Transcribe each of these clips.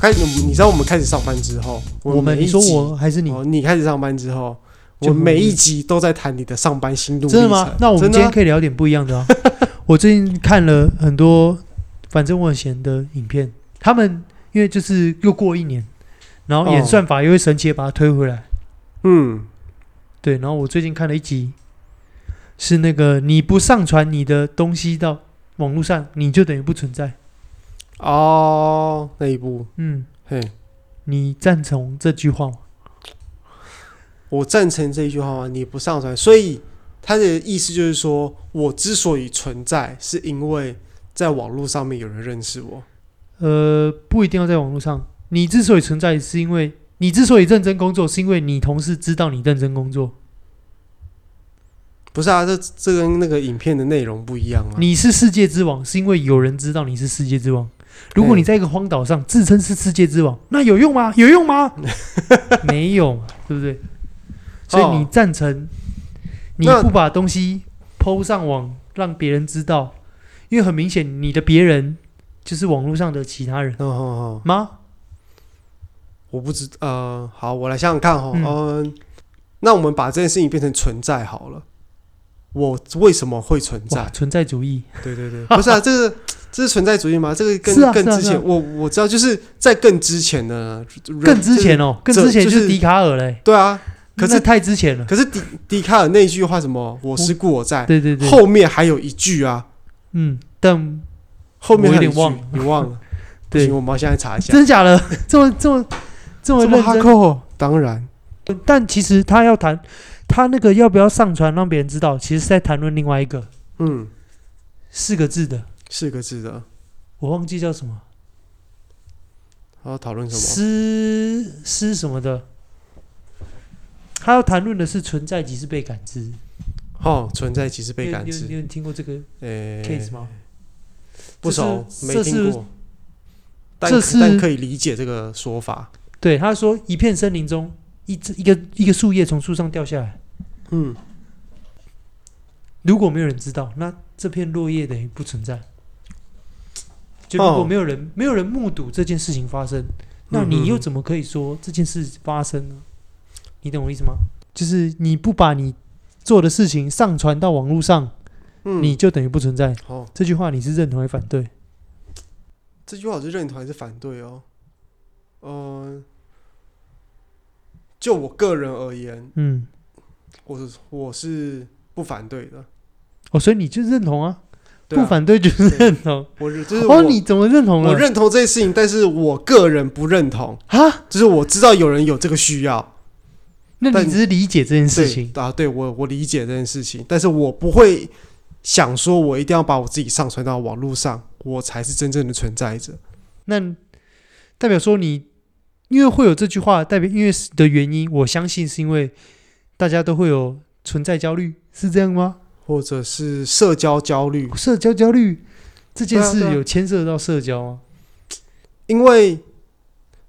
開始，你知道我們開始上班之後，我們，我們你說我還是你，哦，你開始上班之後，就我每一集都在談你的上班心路歷程，真的嗎？那我們今天可以聊點不一樣的啊！的啊，我最近看了很多，反正我很閒的影片， 他們因為就是又過一年，然後演算法又會神奇的把它推回來，哦，嗯，對。然後我最近看了一集，是那個你不上傳你的東西到網絡上，你就等於不存在。哦，那一步，嗯，嘿，你贊成這句話嗎？我贊成這句話嗎？你不上傳。所以他的意思就是說，我之所以存在，是因為在網絡上面有人認識我。呃，不一定要在網絡上。你之所以存在，是因為你之所以認真工作，是因為你同事知道你認真工作。不是啊，這這跟那個影片的內容不一樣啊。你是世界之王，是因為有人知道你是世界之王。如果你在一個荒島上、欸、自稱是世界之王，那有用嗎？有用嗎？ 沒有，對不對？哦、所以你贊成你不把東西 PO 上網那讓別人知道，因為很明顯你的別人就是網絡上的其他人。嗯、哦、哼、哦、哼、哦、嗎？我不知，呃，好，我來想想看哈、哦。嗯、呃，那我們把這件事情變成存在好了。我為什麼會存在？存在主義。對對對，不是啊，這是這是存在主義嗎？這個更更之前，我我知道就是在更之前的更之前哦，更之前就是笛卡爾嘞。對啊，可是太之前了。可是笛笛卡爾那句話什麼“我是故我在”？對對對。後面還有一句啊。嗯，但後面我有點忘，你忘了？對，我們馬上來查一下。真的假的？這麼這麼這麼這麼哈扣？當然。但其實他要談。他那個要不要上傳讓別人知道？其實是在談論另外一個，嗯，四個字的，四個字的，我忘記叫什麼。他要討論什麼？詩。詩什麼的？他要談論的是存在即是被感知。哦，存在即是被感知。你有，你，有你有聽過這個呃 case 嗎？欸、是不熟沒聽過。是但。是但可以理解這個說法。對，他說一片森林中，一隻一個一個樹葉從樹上掉下來。嗯，如果沒有人知道，那這片落葉等於不存在。就如果沒有人、哦、沒有人目睹這件事情發生，那你又怎麼可以說這件事發生呢？嗯嗯，你懂我意思嗎？就是你不把你做的事情上傳到網路上，嗯、你就等於不存在。好、哦，這句話你是認同還是反對、嗯？這句話我是認同還是反對哦？嗯、呃，就我個人而言，嗯。我是我是不反對的，哦，所以你就認同啊？啊不反對就是認同，我認、就是、哦，你怎麼認同了？我認同這件事情，但是我個人不認同啊。哈就是我知道有人有這個需要。那你只是理解這件事情啊？對，我我理解這件事情，但是我不會想說我一定要把我自己上傳到網絡上，我才是真正的存在者。那代表說你因為會有這句話，代表因為的原因，我相信是因為。大家都會有存在焦慮，是這樣嗎？或者是社交焦慮、哦？社交焦慮這件事有牽涉到社交嗎？啊啊、因為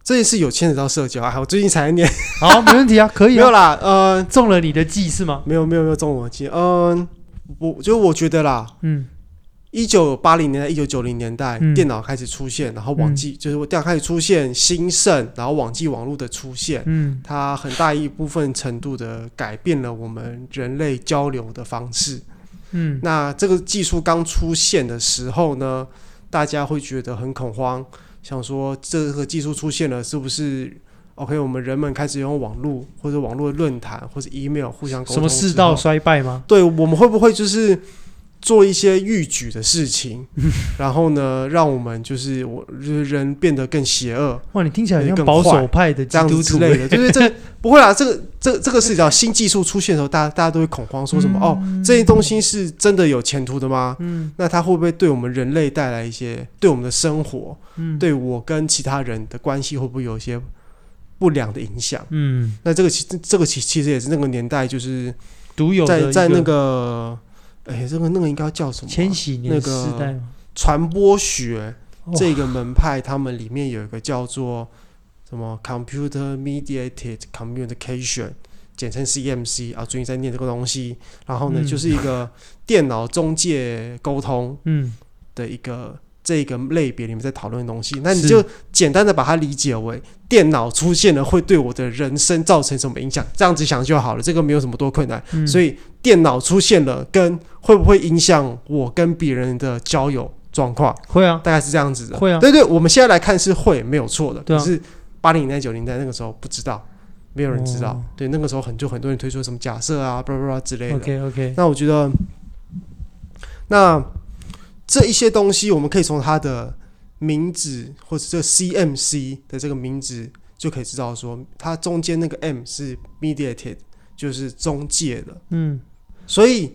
這件事有牽扯到社交啊！我最近才念， 好，沒問題啊，可以沒有啦。嗯、呃，中了你的計是嗎？沒有，沒有，沒有中我的計。嗯、呃，我就我覺得啦，嗯。一九八零年代、一九九零年代，嗯、電腦開始出現，然後網際、嗯、就是我電腦開始出現興盛，然後網際網絡的出現，嗯，它很大一部分程度的改變了我們人類交流的方式。嗯，那這個技術剛出現的時候呢，大家會覺得很恐慌，想說這個技術出現了是不是？OK，我們人們開始用網絡或者網絡論壇或者 email 互相溝通，什麼世道衰敗嗎？對，我們會不會就是？做一些逾矩的事情，然後呢，讓我們就是我人變得更邪惡。哇，你聽起來很保守派的基督徒這樣之類的，就是這不會啦，這個這這個是叫新技術出現的時候，大家大家都會恐慌，說什麼哦，這些東西是真的有前途的嗎？嗯，那它會不會對我們人類帶來一些對我們的生活，對我跟其他人的關係會不會有一些不良的影響？嗯，那這個其這個其其實也是那個年代就是獨有的在在那個。哎、欸，這個那個應該叫什麼？千禧年世代嗎？那個傳播學這個門派，他們裡面有一個叫做什麼？Computer Mediated Communication，簡稱 CMC 啊，最近在念這個東西。然後呢，嗯、就是一個電腦中介溝通，嗯，的一個這個類別裡面在討論的東西。嗯、那你就簡單的把它理解為。電腦出現了，會對我的人生造成什麼影響？這樣子想就好了，這個沒有什麼多困難。嗯、所以電腦出現了，跟會不會影響我跟別人的交友狀況？會啊，大概是這樣子的。會啊，對，對對，我們現在來看是會，沒有錯的。啊、可是八零年代、九零年代那個時候不知道，沒有人知道。哦、對，那個時候很就很多人推出了什麼假設啊、blah blah blah 之類的。OK OK。那我覺得，那這一些東西，我們可以從它的。名字或者這個 C M C 的這個名字就可以知道說，它中間那個 M 是 mediated，就是中介的。嗯，所以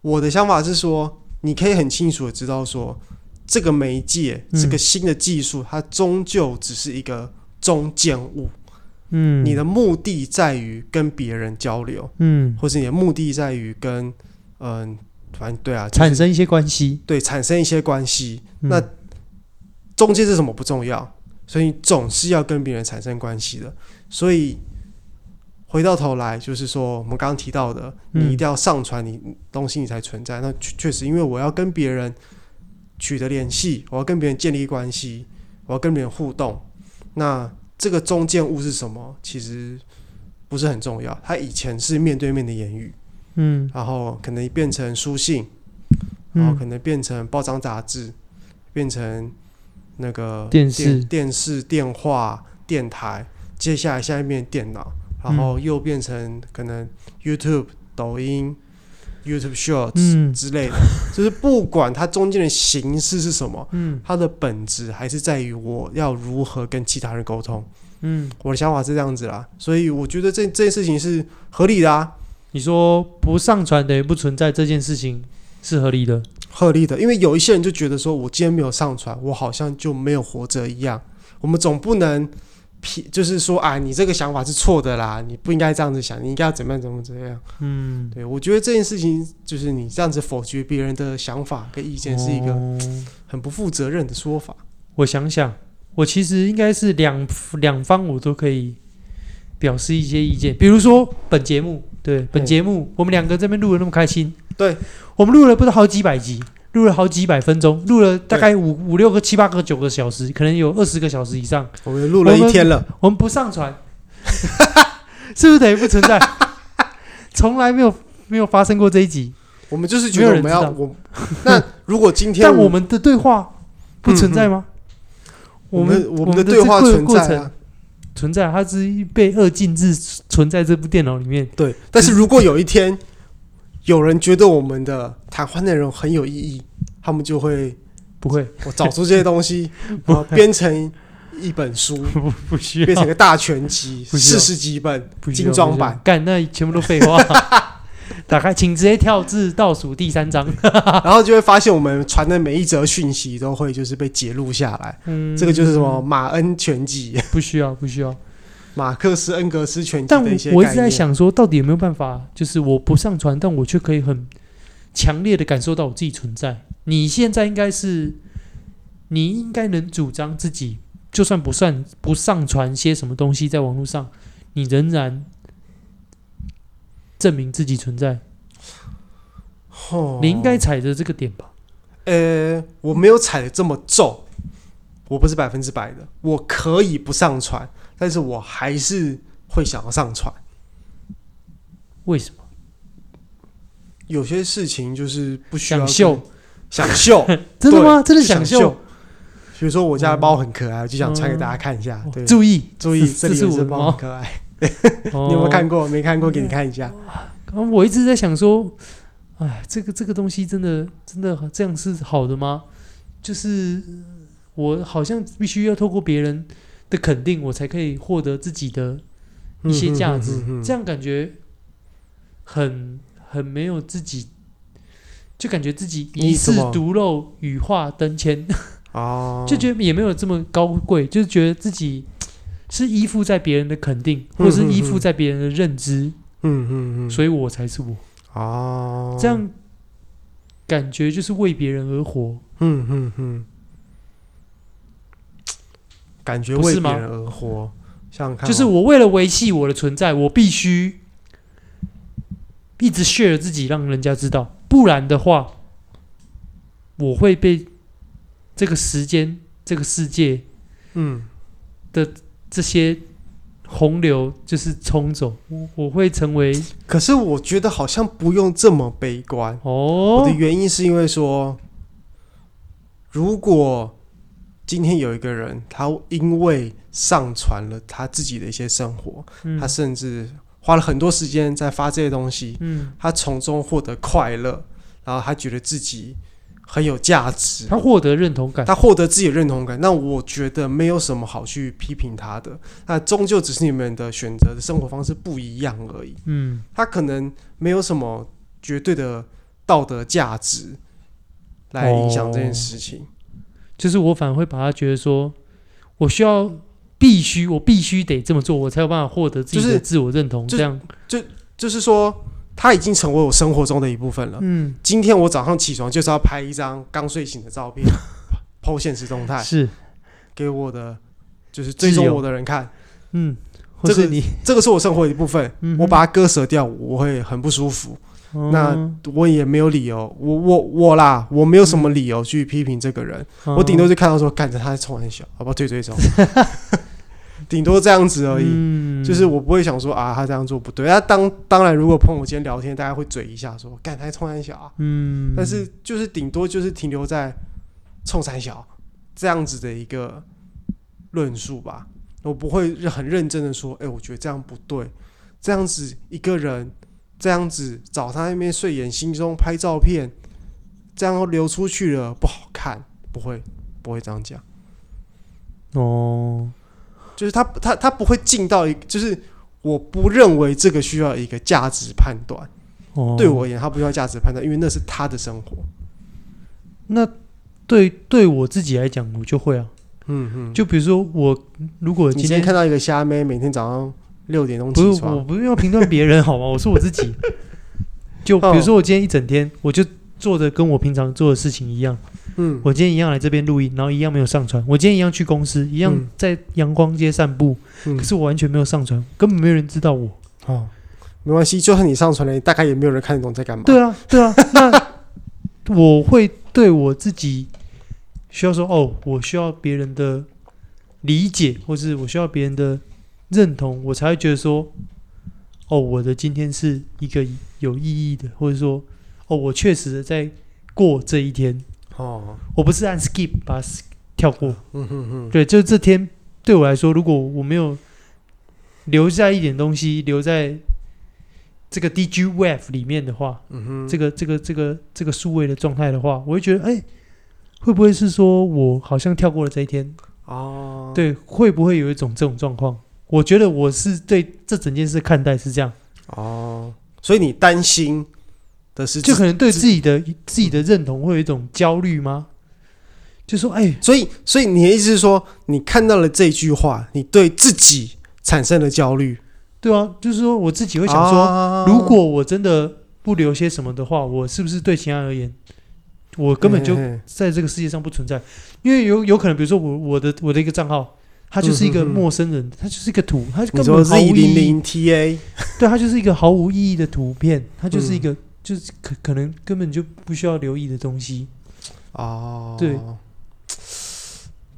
我的想法是說，你可以很清楚的知道說，這個媒介、嗯、這個新的技術，它終究只是一個中間物。嗯，你的目的在於跟別人交流，嗯，或是你的目的在於跟嗯、呃，反正對啊，就是、產生一些關係，對，產生一些關係，嗯、那。中介是什麼不重要，所以你總是要跟別人產生關係的。所以回到頭來，就是說我們剛剛提到的，嗯、你一定要上傳你東西，你才存在。那確實，因為我要跟別人取得聯繫，我要跟別人建立關係，我要跟別人互動。那這個中介物是什麼？其實不是很重要。它以前是面對面的言語，嗯，然後可能變成書信，然後可能變成報章雜誌，變成。那個電，電視、電視、電話、電台，接下來下一面電腦，然後又變成可能 YouTube、嗯、抖音、YouTube Shorts、嗯、之類的，就是不管它中間的形式是什麼，嗯，它的本質還是在於我要如何跟其他人溝通。嗯，我的想法是這樣子啦，所以我覺得這這件事情是合理的啊。你說不上傳等於不存在這件事情是合理的。合理的。因為有一些人就覺得說，我今天沒有上傳，我好像就沒有活着一樣。我們總不能就是說，啊，你這個想法是錯的啦，你不應該這樣子想，你應該要怎麼樣，怎麼怎麼樣。嗯，對，我覺得這件事情就是你這樣子否決別人的想法跟意見，是一個很不負責任的說法。我想想，我其實應該是兩兩方，我都可以表示一些意見，比如說本節目。對本節目，我們兩個在這邊錄得那麼開心。對，我們錄了不到好幾百集，錄了好幾百分鐘，錄了大概五五六個、七八個、九個小時，可能有二十個小時以上。我們錄了一天了。我們不上傳，是不是等於不存在？從來沒有沒有發生過這一集。我們就是覺得我們要我。那如果今天，但我們的對話不存在嗎？我們我們的對話存在啊。存在，它是一被二進制存在這部電腦裡面。對，但是如果有一天是有人覺得我們的談話內容很有意義，他們就會不會我找出這些東西，我編 會成一本書，不，不需要編成一個大全集，四十幾本精裝版，幹那全部都廢話。 打開，請直接跳至倒數第三章，然後就會發現我們傳的每一則訊息都會就是被揭露下來。嗯，這個就是什麼馬恩全集？不需要，不需要。馬克思、恩格斯全集一些。但我一直在想說，到底有沒有辦法？就是我不上傳，但我卻可以很強烈的感受到我自己存在。你現在應該是，你應該能主張自己，就算不算不上傳些什麼東西在網絡上，你仍然。證明自己存在，你應該踩着這個點吧？呃、哦欸，我沒有踩得這麼重，我不是百分之百的，我可以不上傳，但是我還是會想要上傳。為什麼？有些事情就是不需要秀，想秀， 真的嗎？真的想秀？比如說我家的貓很可愛，我、嗯、就想曬給大家看一下。哦、對注意，注意，這是，這，這是我的貓很可愛。 你有沒有看過？哦、沒看過，給你看一下。我一直在想說，哎，這個這個東西真的真的這樣是好的嗎？就是我好像必須要透過別人的肯定，我才可以獲得自己的一些價值。這樣感覺很很沒有自己，就感覺自己遺世獨立，羽化登仙哦，麼 就覺得也沒有這麼高貴，就覺得自己。是依附在別人的肯定，或是依附在別人的認知，嗯嗯嗯，所以我才是我哦。這樣感覺就是為別人而活，嗯嗯嗯，感覺為別人而活，不是嗎？就是我為了維繫我的存在，我必須一直 share 自己，讓人家知道，不然的話，我會被這個時間、這個世界，嗯的。嗯這些洪流就是沖走我，我會成為。可是我覺得好像不用這麼悲觀哦。我的原因是因為說，如果今天有一個人，他因為上傳了他自己的一些生活，嗯，他甚至花了很多時間在發這些東西，嗯，他從中獲得快樂，然後他覺得自己。很有價值，他獲得認同感，他獲得自己的認同感。那我覺得沒有什麼好去批評他的。那終究只是你們的選擇的生活方式不一樣而已。嗯，他可能沒有什麼絕對的道德價值來影響這件事情。哦。就是我反而會把他覺得說，我需要必須，我必須得這麼做，我才有辦法獲得自己的自我認同。這樣，就是，就就，就是說。它已經成為我生活中的一部分了。嗯，今天我早上起床就是要拍一張剛睡醒的照片，po 現實動態是給我的，就是追蹤我的人看。嗯，這是你、這個、這個是我生活的一部分，嗯、哼我把它割捨掉我會很不舒服。嗯、哼那我也沒有理由，我我我啦，我沒有什麼理由去批評這個人。嗯、我頂多就看到說，感覺、嗯、他衝很小，好不好？對，對，對，退退。頂多這樣子而已，嗯、就是我不會想說啊，他這樣做不對。他當當然，如果朋友間聊天，大家會嘴一下說，幹他衝三小啊。嗯、但是就是頂多就是停留在衝三小這樣子的一個論述吧。我不會很認真的說，哎、欸，我覺得這樣不對，這樣子一個人這樣子找他那邊睡眼惺忪拍照片，這樣流出去了不好看，不會不會這樣講哦。就是他、他他不會進到一，就是我不認為這個需要一個價值判斷。Oh. 對我而言，他不需要價值判斷，因為那是他的生活。那對對我自己來講，我就會啊，嗯嗯。嗯，就比如說我，我如果我今天看到一個蝦妹每天早上六點鐘，起床，不我不是要評論別人 好嗎？我說我自己。就比如說，我今天一整天，我就做的跟我平常做的事情一樣。嗯，我今天一樣來這邊錄音，然後一樣沒有上傳。我今天一樣去公司，一樣在陽光街散步，嗯嗯、可是我完全沒有上傳，根本沒有人知道我。哦，沒關係，就算你上傳了，大概也沒有人看得懂你在幹嘛。對啊，對啊。那 我會對我自己需要說，哦，我需要別人的理解，或是我需要別人的認同，我才會覺得說，哦，我的今天是一個有意義的，或者說，哦，我確實在過這一天。哦，oh. 我不是按 skip 把它跳過， 對，就這天對我來說，如果我沒有留下一點東西留在這個 D G wave 裡面的話，mm hmm. 這個這個這個這個數位的狀態的話，我會覺得，哎、欸，會不會是說我好像跳過了這一天？哦，oh. 對，會不會有一種這種狀況？我覺得我是對這整件事看待是這樣。哦，oh. 所以你擔心的事，就可能對自己的自，自己的認同會有一種焦慮嗎？嗯、就說哎，所以所以你的意思是說，你看到了這句話，你對自己產生了焦慮，對吧、啊？就是說，我自己會想說，哦、如果我真的不留些什麼的話，我是不是對其他人而言，我根本就在這個世界上不存在？欸欸因為有有可能，比如說我我的我的一個賬號，它就是一個陌生人，嗯、哼哼它就是一個圖，它根本、e, 你說 Z 零零 TA，對，它就是一個毫無意義的圖片，它就是一個。嗯就是可可能根本就不需要留意的東西啊，哦、對，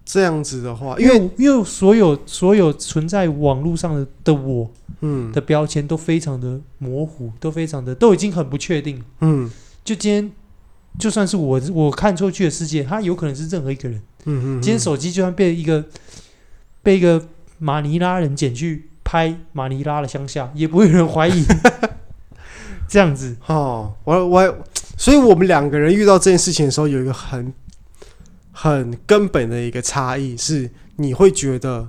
這樣子的話，因為因為，因為所有所有存在網絡上的的我，嗯，的標籤都非常的模糊，都非常的都已經很不確定，嗯，就今天就算是我我看出去的世界，它有可能是任何一個人，嗯嗯，今天手機就算被一個被一個馬尼拉人撿去拍馬尼拉的鄉下，也不會有人懷疑。 這樣子哦，我我，所以我們兩個人遇到這件事情的時候，有一個很很根本的一個差異是，你會覺得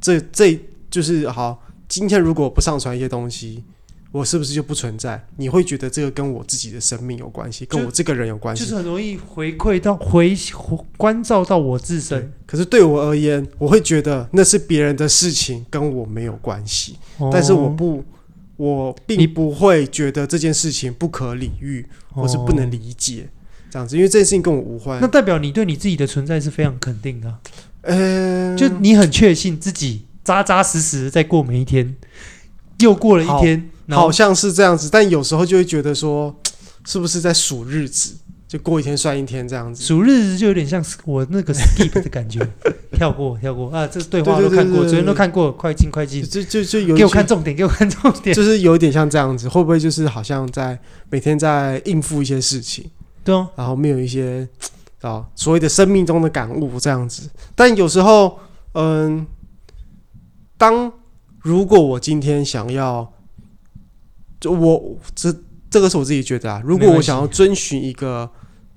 這這就是好、哦。今天如果不上傳一些東西，我是不是就不存在？你會覺得這個跟我自己的生命有關係，就跟我這個人有關係，就是很容易回饋到回，回關照到我自身。可是對我而言，我會覺得那是別人的事情，跟我沒有關係。哦、但是我不。.我並不會覺得這件事情不可理喻，或你是不能理解、哦、這樣子，因為這件事情跟我無關。那代表你對你自己的存在是非常肯定的，呃、嗯，就你很確信自己扎扎實實的在過每一天。又過了一天，好，後好像是這樣子，但有時候就會覺得說，是不是在數日子？就過一天算一天這樣子，數日子就有點像我那個 skip 的感覺， 跳過跳過啊！這對話都看過，昨天都看過，快進快進，就就就，就有給我看重點，給我看重點，就是有一點像這樣子，會不會就是好像在每天在應付一些事情？對，哦，然後沒有一些啊所謂的生命中的感悟這樣子，但有時候，嗯，當如果我今天想要，就我這。這個是我自己覺得啊，如果我想要遵循一個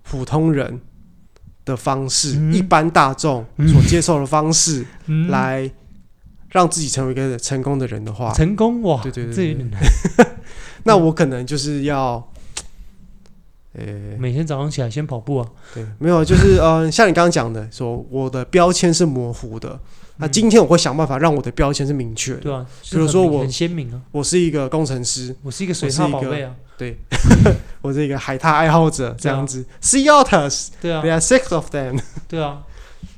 普通人的方式，一般大眾所接受的方式，來讓自己成為一個成功的人的話，成功哇，對對，對對對，這有點難。 那我可能就是要，嗯欸、每天早上起來先跑步啊。對，沒有，就是呃，像你剛剛講的，說我的標籤是模糊的。那今天我會想辦法讓我的標籤是明確的。對啊，比如說我很鮮明啊，我是一個工程師，我是一個水塔寶貝啊，對，我是一個海獺愛好者，這樣子，Sea otters，對啊，There are six of them，對啊，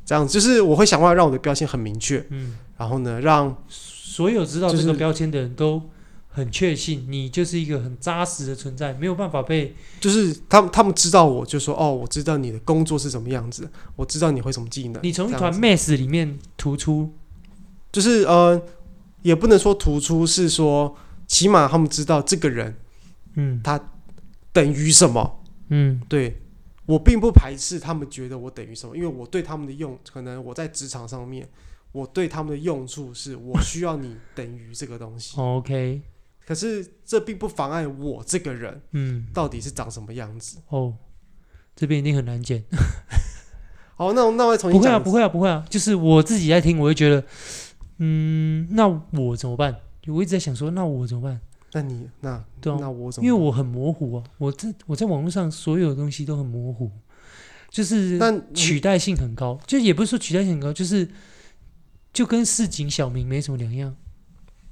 這樣就是我會想辦法讓我的標籤很明確，嗯，然後呢，讓所有知道這個標籤的人都。很確信你就是一個很扎實的存在，沒有辦法被，就是他們他們知道我就說哦，我知道你的工作是什麼樣子，我知道你會什麼技能。你從一團 mess 裡面突出，就是呃，也不能說突出，是說起碼他們知道這個人，嗯，他等於什麼，嗯，對我並不排斥他們覺得我等於什麼，因為我對他們的用，可能我在職場上面，我對他們的用處是我需要你等於這個東西。 OK。可是這並不妨礙我這個人，嗯，到底是長什麼樣子哦？這邊一定很難剪。好、 哦，那我那我們重新不會啊，不會啊，不會啊！就是我自己在聽，我會覺得，嗯，那我怎麼辦？我一直在想說，那我怎麼辦？那你那對啊？那我怎麼辦？因為我很模糊啊，我這我在網絡上所有的東西都很模糊，就是但取代性很高，你就也不是說取代性很高，就是就跟市井小民沒什麼兩樣，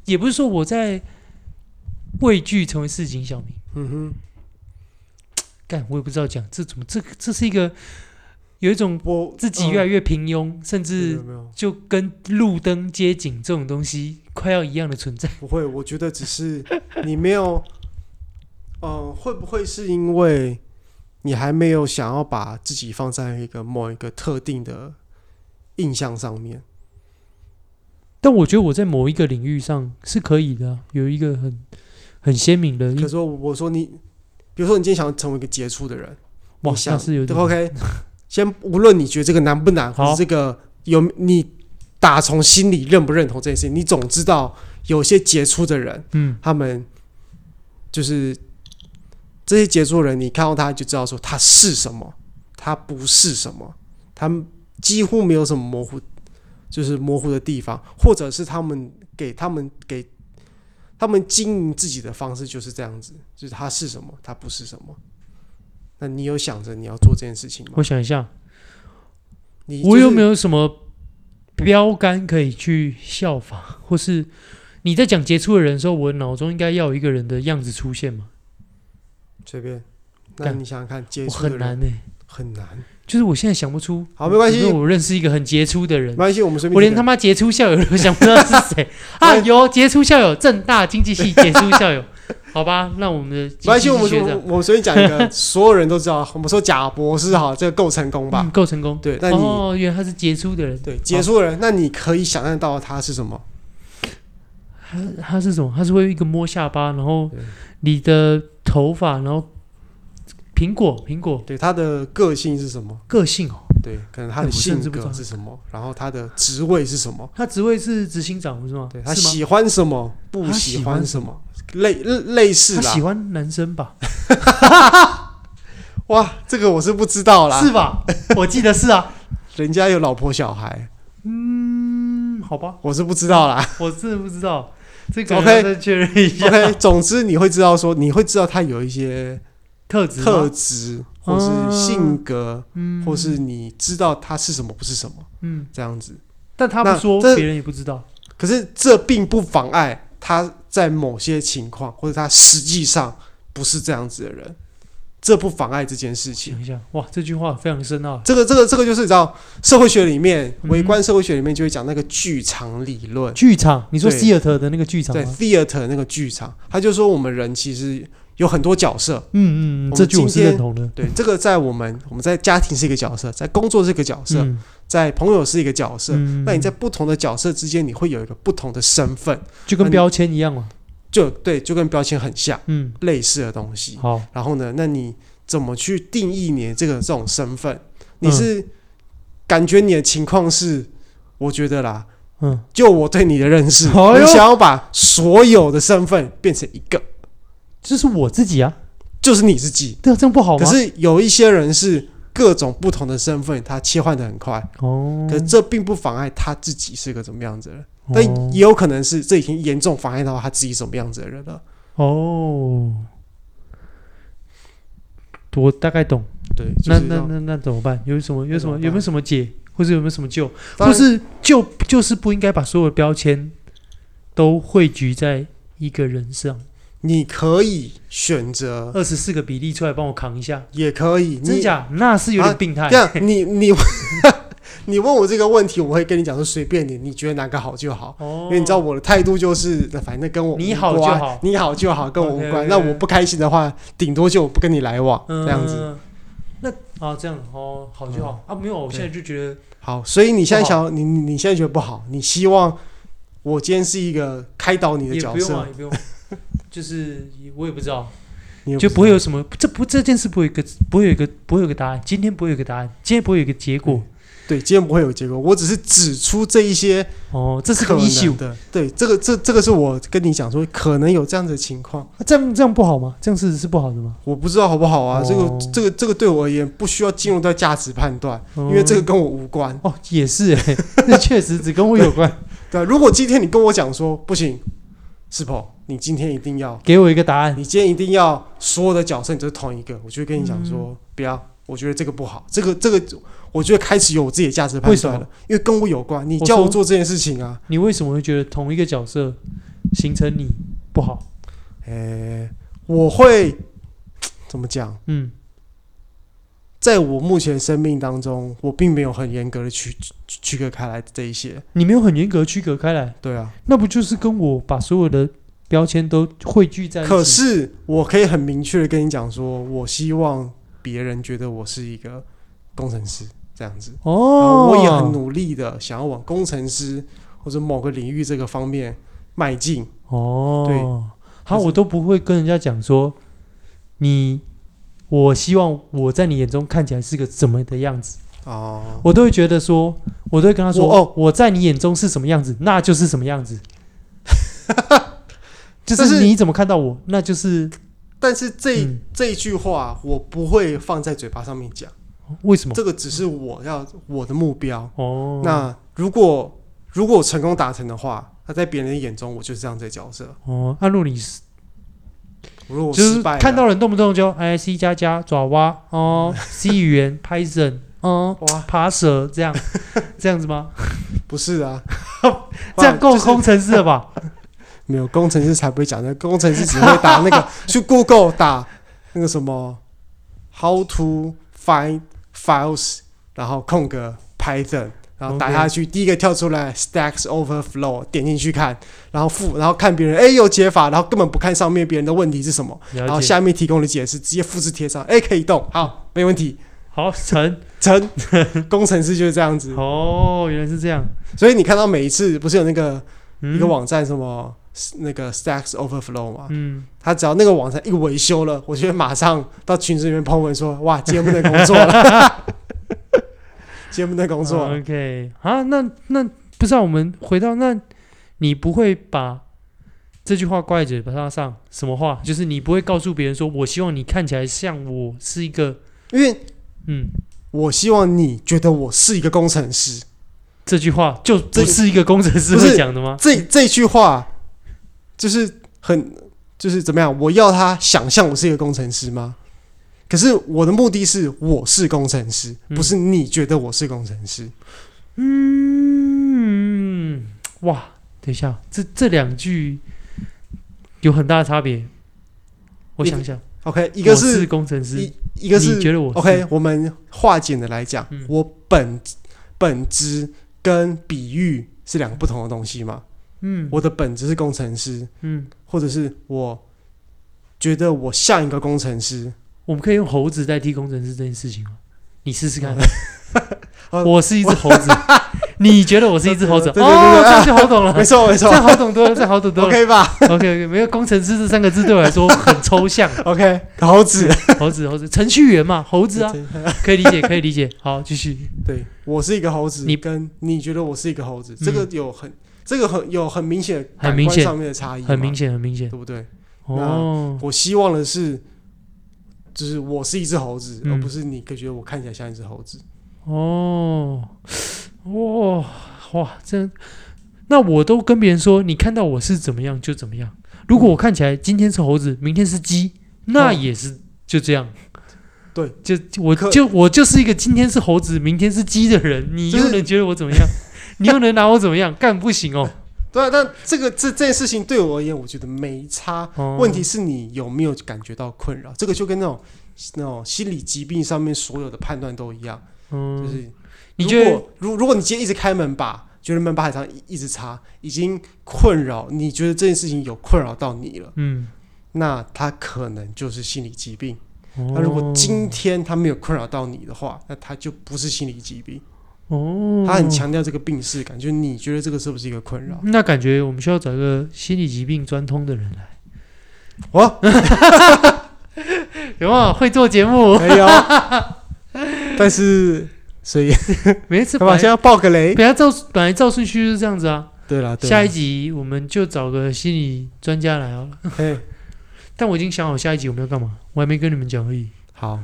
也不是說我在。畏懼成為市井小民，幹、嗯哼、我也不知道講這怎麼這這是一個有一種我自己越來越平庸，呃、甚至就跟路燈街景這種東西快要一樣的存在。不會，我覺得只是你沒有，嗯、 呃，會不會是因為你還沒有想要把自己放在一個某一個特定的印象上面？但我覺得我在某一個領域上是可以的、啊，有一個很。很鮮明的，可是說我說你，比如說，你今天想成為一個傑出的人，哇，我想是有點 OK。 先，無論你覺得這個難不難，好，或者這個有你打從心裡認不認同這件事情，你總知道有些傑出的人，嗯，他們就是這些傑出的人，你看到他就知道說他是什麼，他不是什麼，他們幾乎沒有什麼模糊，就是模糊的地方，或者是他們給他們給。他們經營自己的方式就是這樣子，就是他是什麼，他不是什麼。那你有想着你要做這件事情嗎？我想一下，就是、我有沒有什麼標杆可以去效仿，或是你在講傑出的人的時候，我腦中應該要有一個人的樣子出現嗎？隨便，但你想想看，幹我很難誒、欸，很難。就是我現在想不出，好，沒關係，因為我認識一個很傑出的人，沒關係，我們隨便，我連他媽傑出校友都想不到是誰啊？有傑出校友，政大經濟系傑出校友，好吧，那我們的沒關係，我們我隨便講一個，所有人都知道。我們說賈博士哈，這個夠成功吧？夠成功，對。那你哦，原來他是傑出的人，對，傑出的人，那你可以想象到他是什麼？他他是什麼？他是會一個摸下巴，然後你的頭髮，然後。蘋果，蘋果，對，他的個性是什麼？個性哦、喔，對，可能他的性格是什麼？然後他的職位是什麼？他職位是執行長，不是嗎？對嗎？他喜歡什麼？不喜歡什麼？他什麼類類似啦。他喜歡男生吧？ 哇，這個我是不知道啦，是吧？我記得是啊， 人家有老婆小孩，嗯，好吧，我是不知道啦，我是不知道，這 OK，、個，再確認一下。Okay, OK，總之你會知道說，說你會知道他有一些。特質、特質，或是性格，嗯、或是你知道他是什麼不是什麼，嗯，這樣子。但他不說那，別人也不知道。可是這並不妨礙他在某些情況，或者他實際上不是這樣子的人。這不妨礙這件事情。一哇，這句話非常深奧。這個、這個、這個就是你知道，社會學裡面，嗯、微觀社會學裡面就會講那個劇場理論。劇場，你說 the 的 theater 的那個劇場。對，theater 那個劇場。他就說我們人其實有很多角色。嗯嗯，嗯，這就是認同的。對，這個在我們我們在家庭是一個角色，在工作是一個角色，嗯、在朋友是一個角色。嗯、那你在不同的角色之間，你會有一個不同的身份，就跟標籤一樣嘛。你就對，就跟標籤很像，嗯，類似的東西。好然後呢？那你怎麼去定義你這個這種身份？你是感覺你的情況是？嗯、我覺得啦，嗯，就我對你的認識，哦、呦你想要把所有的身份變成一個，這是我自己啊，就是你自己。對，這樣不好嗎？可是有一些人是各種不同的身份，他切換得很快哦。可是這並不妨礙他自己是個怎麼樣子的人。但也有可能是，這已經嚴重妨礙到他自己什麼樣子的人了。哦，我大概懂。對，那那那那怎麼辦？有什麼有什麼，有沒有什麼解，或者有沒有什麼救？然是就是救，就是不應該把所有的標籤都匯聚在一個人上。你可以選擇二十四個比例出來幫我扛一下，也可以。你真假的？那是有點病態。啊，這樣，你你。 你問我這個問題，我會跟你講說隨便你，你覺得哪個好就好，哦、因為你知道我的態度就是，反正跟我你好就好，你好就好，跟我無關。嗯、okay, okay. 那我不開心的話，頂多就不跟你來往，嗯、這樣子。那啊，這樣哦，好就好啊，沒有，我現在就覺得好，好。所以你現在想，好你你現在覺得不好，你希望我今天是一個開導你的角色？不用、啊、也不用 就是我也不知道，你不知道就不會有什麼。這不這件事不會有一個不會有一個不會有一個答案，今天不會有一個答案，今天不會有一個結果。嗯對，今天不會有結果。我只是指出這一些哦，這是可能的。對，這個這這個是我跟你講說，可能有這樣的情況。那、啊、這樣這樣不好嗎？這樣是是不好的嗎？我不知道好不好啊。哦、這個這個這個對我而言不需要進入到價值判斷，哦、因為這個跟我無關。哦，也是，那 確實只跟我有關。對。對，如果今天你跟我講說不行，是否你今天一定要給我一個答案。你今天一定要所有的角色你都是同一個，我就跟你講說、嗯、哼不要。我覺得這個不好，這個這個，我覺得開始有我自己的價值判斷了，為什麼？因為跟我有關。你叫我做這件事情啊？你為什麼會覺得同一個角色形成你不好？誒、欸，我會怎麼講？嗯，在我目前生命當中，我並沒有很嚴格的區區隔開來這一些。你沒有很嚴格區隔開來？對啊，那不就是跟我把所有的標籤都匯聚在一起？可是我可以很明確的跟你講說，我希望。別人覺得我是一個工程師，這樣子哦，我也很努力的想要往工程師或者某個領域這個方面邁進哦。對但，好，我都不會跟人家講說你，我希望我在你眼中看起來是個怎麼的樣子哦。我都會覺得說，我都會跟他說我哦，哦，我在你眼中是什麼樣子，那就是什麼樣子， 就是你怎麼看到我，那就是。但是這、嗯、這句話我不會放在嘴巴上面講，為什麼？這個只是我要我的目標哦。那如果如果我成功達成的話，那在別人的眼中我就是這樣在角色哦。那路里斯，就是看到人動不動就哎，欸、C 加加爪哇哦 C 語言 Python 哦哇爬蛇這樣 這樣子嗎？不是啊， 這樣夠空城市了吧？ 沒有，工程師才不會講的、那個，工程師只會打那個 去 Google 打那個什麼，How to find files，然後空格 Python，然後打下去，Okay. 第一個跳出來 Stacks Overflow，點進去看，然後復然後看別人哎，有解法，然後根本不看上面別人的問題是什麼，解然後下面提供的解釋直接複製貼上，哎，可以動，好，沒問題，好成成，工程師就是這樣子 哦，原來是這樣，所以你看到每一次不是有那個、嗯、一個網站什麼？那個 Stack Overflow 嘛，嗯，他只要那個網站一維修了，我就會馬上到群組裡面 PO 文說：哇，節目在工作了，節目 在工作了。Uh, OK，啊，那那不知道我們回到，那你不會把這句話掛在嘴巴上什麼話？就是你不會告訴別人說：我希望你看起來像我是一個，因為嗯，我希望你覺得我是一個工程師。這句話就不是一個工程師會講的嗎？這這句話。就是很，就是怎麼樣？我要他想象我是一個工程師嗎？可是我的目的是我是工程師，嗯、不是你覺得我是工程師。嗯，哇，等一下，這這兩句有很大的差別。我想想，OK，一個是我是工程師，一、一個是你覺得我是 OK。我們化簡的來講，嗯、我本本質跟比喻是兩個不同的東西嗎？嗯嗯，我的本質是工程師，嗯，或者是我覺得我像一個工程師。我們可以用猴子代替工程師這件事情嗎？你試試看。我是一只猴子，你覺得我是一只猴子？哦，這樣就好懂了，沒錯沒錯，這樣好懂多了，這樣好懂多了。OK 吧？OK OK 沒有工程師這三個字對我來說很抽象。OK，猴子，猴子，猴子，程序員嘛，猴子啊，可以理解，可以理解。好，繼續。對，我是一個猴子，你跟你覺得我是一個猴子，這個有很。這個很有很明顯的感官，上面的差異，很明顯，很明顯，對不對？哦，我希望的是，就是我是一隻猴子，嗯、而不是你，可覺得我看起來像一隻猴子。哦，哇哇，真……那我都跟別人說，你看到我是怎麼樣就怎麼樣。如果我看起來今天是猴子，明天是雞，那也是就這樣。嗯、對，就我可就我就是一個今天是猴子，明天是雞的人，你又能覺得我怎麼樣？就是 你又能拿我怎麼樣？幹不行哦。 對啊，但這個這這件事情對我而言，我覺得沒差。哦、問題是你有沒有感覺到困擾？這個就跟那種那種心理疾病上面所有的判斷都一樣。嗯，就是如果如果如果如果你今天一直開門把，就是門把上一直擦，已經困擾，你覺得這件事情有困擾到你了？嗯，那他可能就是心理疾病。那、哦、如果今天他沒有困擾到你的話，那他就不是心理疾病。哦，他很強調這個病識感，就你覺得這個是不是一個困擾？那感覺我們需要找一個心理疾病專通的人來。哇， 有沒有？會做節目？沒有。啊 哎、但是所以每一次本來 他好像要爆個雷，本來照本來照順序就是這樣子啊。對了，對啦，下一集我們就找個心理專家來哦。 嘿，但我已經想好下一集我們要幹嘛，我還沒跟你們講而已。好，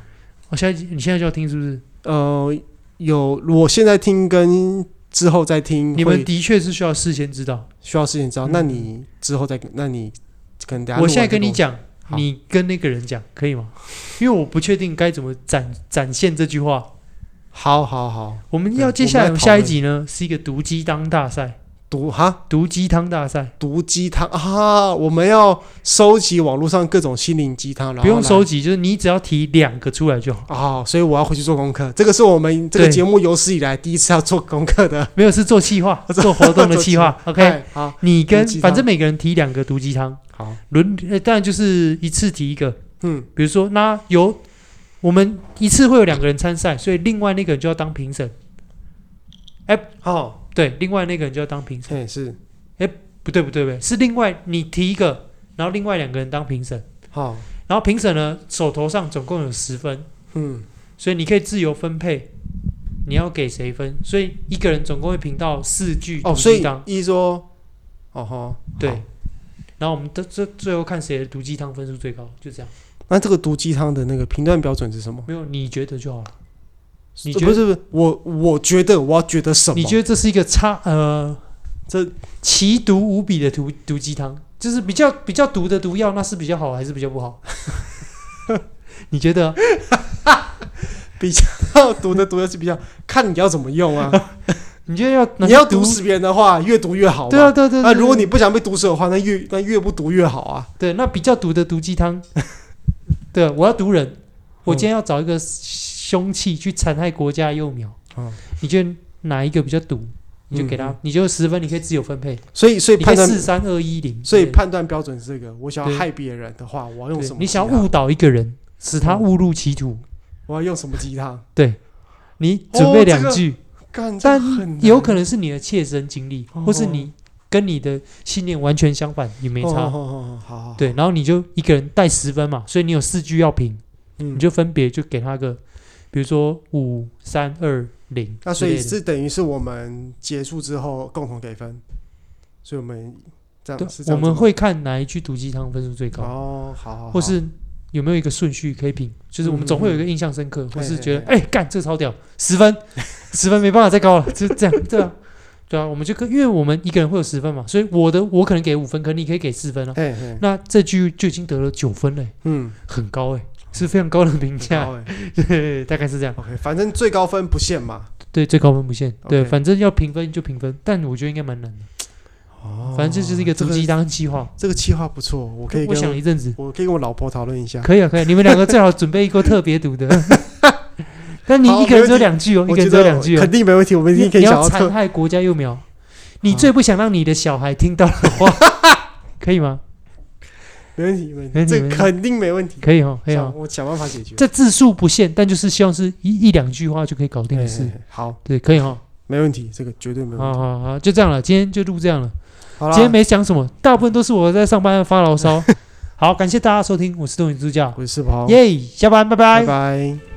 我下一集你現在就要聽是不是？呃。有，我現在聽跟之後再聽，你們的確是需要事先知道，需要事先知道。嗯、那你之後再跟，那你跟大家，我現在跟你講，好你跟那個人講可以嗎？因為我不確定該怎麼展展現這句話。好,好,好，好，好，我們要接下來下一集呢，是一個毒雞湯大賽。毒哈毒雞湯大賽，毒雞湯啊！我們要收集網絡上各種心靈雞湯，然後不用收集，就是你只要提兩個出來就好。啊、哦、所以我要回去做功課。這個是我們這個節目有史以來第一次要做功課的，對沒有是做企劃、做活動的企劃。OK，、哎、好，你跟湯反正每個人提兩個毒雞湯，好，輪當然就是一次提一個。嗯，比如說，那有我們一次會有兩個人參賽，所以另外那個人就要當評審。哎、欸，好、哦。對，另外那個人就要當評審。對、欸，是，哎，不對不對不對，是另外你提一個，然後另外兩個人當評審。好，然後評審呢，手頭上總共有十分，嗯，所以你可以自由分配，你要給誰分？所以一個人總共會評到四句哦，所以意思說，哦吼，對，好然後我們都最最後看誰的毒雞湯分數最高，就這樣。那這個毒雞湯的那個評斷標準是什麼？沒有，你覺得就好了。你覺得是不是我，我覺得我要覺得什麼？你覺得這是一個差呃，這奇毒無比的毒毒雞湯，就是比較比較毒的毒藥，那是比較好還是比較不好？ 你覺得、啊？ 比較毒的毒藥是比較看你要怎麼用啊？ 你覺得要你要毒死別人的話，越毒越好對、啊。對啊，對對。那如果你不想被毒死的話，那越那越不毒越好啊。對啊、對啊、對啊、對，那比較毒的毒雞湯， 對，我要毒人，我今天要找一個。嗯凶器去殘害國家幼苗，你覺得哪一個比較毒？你就給他，你就十分，你可以自由分配。所以，所以判四三二一零。所以判斷標準是這個：我想要害別人的話，我要用什麼？你想要誤導一個人，使他誤入歧途，我要用什麼雞湯？對，你準備兩句，但有可能是你的切身經歷，或是你跟你的信念完全相反，你沒差。對，然後你就一個人帶十分嘛，所以你有四句要評，你就分別就給他個。比如說五三二零，那所以這等於是我們結束之後共同給分，所以我們這樣，我們會看哪一句毒雞湯分數最高哦，好好好，或是有沒有一個順序可以評，就是我們總會有一個印象深刻，或是覺得哎幹這超屌，十分，十分沒辦法再高了，就這樣，這樣，對啊，對啊，我們就跟，因為我們一個人會有十分嘛，所以我的我可能給五分，可能你可以給四分啊，那這句就已經得了九分了，嗯，很高哎。是非常高的評價，對，大概是這樣。OK，反正最高分不限嘛。對，最高分不限。對，反正要評分就評分，但我覺得應該蠻難的。哦，反正這就是一個煮雞當計劃。這個計劃不錯，我可以。我想一陣子，我可以跟我老婆討論一下。可以啊，可以，你們兩個最好準備一個特別讀的。但你一個人只有兩句哦，一個人只有兩句哦。肯定沒問題，我們一定可以。你要殘害國家幼苗？你最不想讓你的小孩聽到的話，可以嗎？沒問題，沒問題，這肯定沒問題。可以哈，可以哈，我想辦法解決。這字數不限，但就是希望是一一兩句話就可以搞定的事。好，對，可以哈，沒問題，這個絕對沒問題。好好好，就這樣了，今天就錄這樣了。今天沒講什麼，大部分都是我在上班發牢騷。好，感謝大家收聽，我是動物助教，我是四朋。耶，下班，拜拜，拜拜。